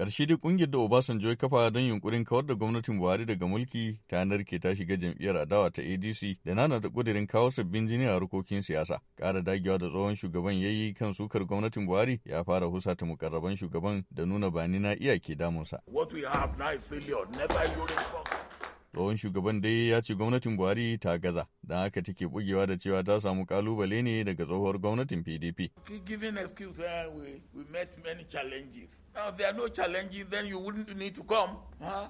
karshe dai ƙungiyar da Obasanjo ya kafa don yunkurin kawar da gwamnatin Buhari daga mulki ta narke ta shiga jam'iyyar adawa ta ADC da nana da ƙudirin kawo sabbin jini a harkokin siyasa. Ƙara dagewa da tsohon shugaban ya yi kan sukar gwamnatin Buhari ya fara husata mukarraban shugaban da nuna bani na iya ke damunsa. Tsohon shugaban dai ya ce gwamnatin Buhari ta gaza. don haka take bugewa da cewa ta samu kalubale ne daga tsohuwar gwamnatin PDP. Giving excuse uh, we, we met many challenges. Now there are no challenges then you wouldn't need to come. Huh?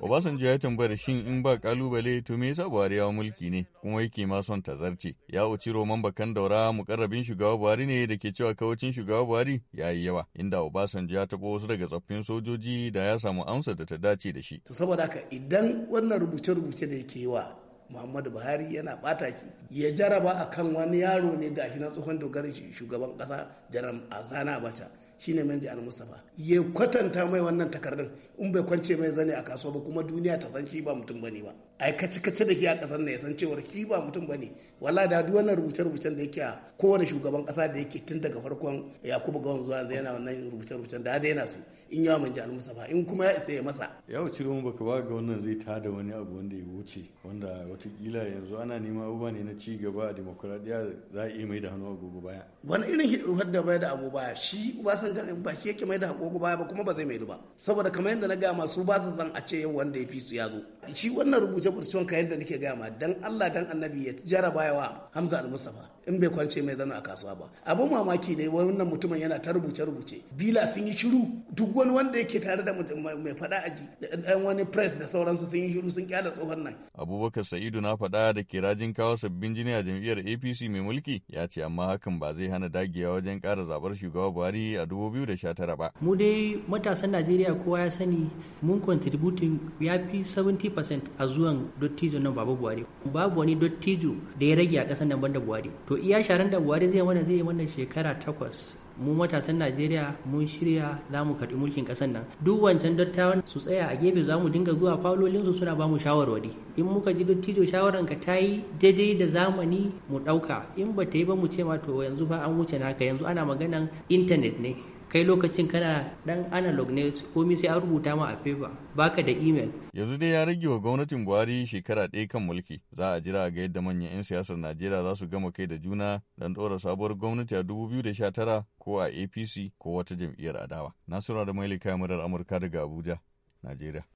Obasanjo ya tambara shin in ba kalubale to me yasa Buhari ya mulki ne kuma yake ma son ta zarce Ya uci roman bakan daura mukarrabin shugaba Buhari ne da ke cewa kawacin shugaba Buhari ya yi yawa inda Obasanjo ya taɓo wasu daga tsoffin sojoji da ya samu amsa da ta dace da shi. To saboda haka idan wannan rubuce-rubuce da yake yi wa Muhammadu Buhari yana bata shi ya jaraba akan wani yaro ne da shi na tsohon dogarin shugaban kasa Janar Azana Abacha. shine manji al musafa ya kwatanta mai wannan takardar in bai kwance mai zane a kasuwa ba kuma duniya ta san shi ba mutum bane ba ai kace kace da shi a kasar na ya san cewar shi ba mutum bane wallahi da duk wannan rubuce rubucen da yake a kowane shugaban kasa da yake tun daga farkon yakubu gawan zuwa yanzu yana wannan rubuce rubucen da da yana su in ya manji al musafa in kuma ya isa ya masa yawo ciro mu baka ba ga wannan zai tada wani abu wanda ya wuce wanda watakila yanzu ana nema abubuwa ne na ci gaba a demokradiya za a iya mai da hannu a gobe baya wani irin hidimar da bai da abu baya shi ubasan wancan baki yake mai da hakogo baya ba kuma ba zai mai ba saboda kamar yadda na gaya su ba su san a ce yau wanda ya fi su ya zo shi wannan rubuce rubucen ka yadda nake gama dan Allah dan annabi ya jarabawa Hamza al-Mustafa in bai kwance mai zana a kasuwa ba abin mamaki ne wannan mutumin yana ta rubuce rubuce bila sun yi shiru duk wani wanda yake tare da mai faɗa aji da ɗan wani press da sauransu sun yi shiru sun kyala tsohon nan abubakar sa'idu na faɗa da kirajin kawo sabbin jini a jam'iyyar apc mai mulki ya ce amma hakan ba zai hana dagiya wajen kara zabar shugaba buhari a da 2019 ba mu dai matasan najeriya kowa ya sani mun contributing ya fi 70% a zuwan dottijo nan babu buhari babu wani dottijo da ya rage a ƙasar nan banda buhari to iya sharan da buhari zai mana zai yi wannan shekara takwas mu matasan najeriya mun shirya za mu karɓi mulkin ƙasar nan duk wancan dattawan su tsaya a gefe za mu dinga zuwa falolin su suna ba mu shawarwari in muka ji dattijo ka ta yi daidai da zamani mu ɗauka in ba ta yi ba mu ce ma to yanzu ba an wuce naka yanzu ana maganan intanet ne kai lokacin kana dan analog ne komai sai an rubuta ma a paper baka da email yanzu dai ya rage wa gwamnatin buhari shekara ɗaya kan mulki za a jira ga yadda manyan 'yan siyasar najeriya za su gama kai da juna don ɗora sabuwar gwamnati a 2019 ko a apc ko wata jam'iyyar adawa nasiru da mailika murar amurka daga abuja najeriya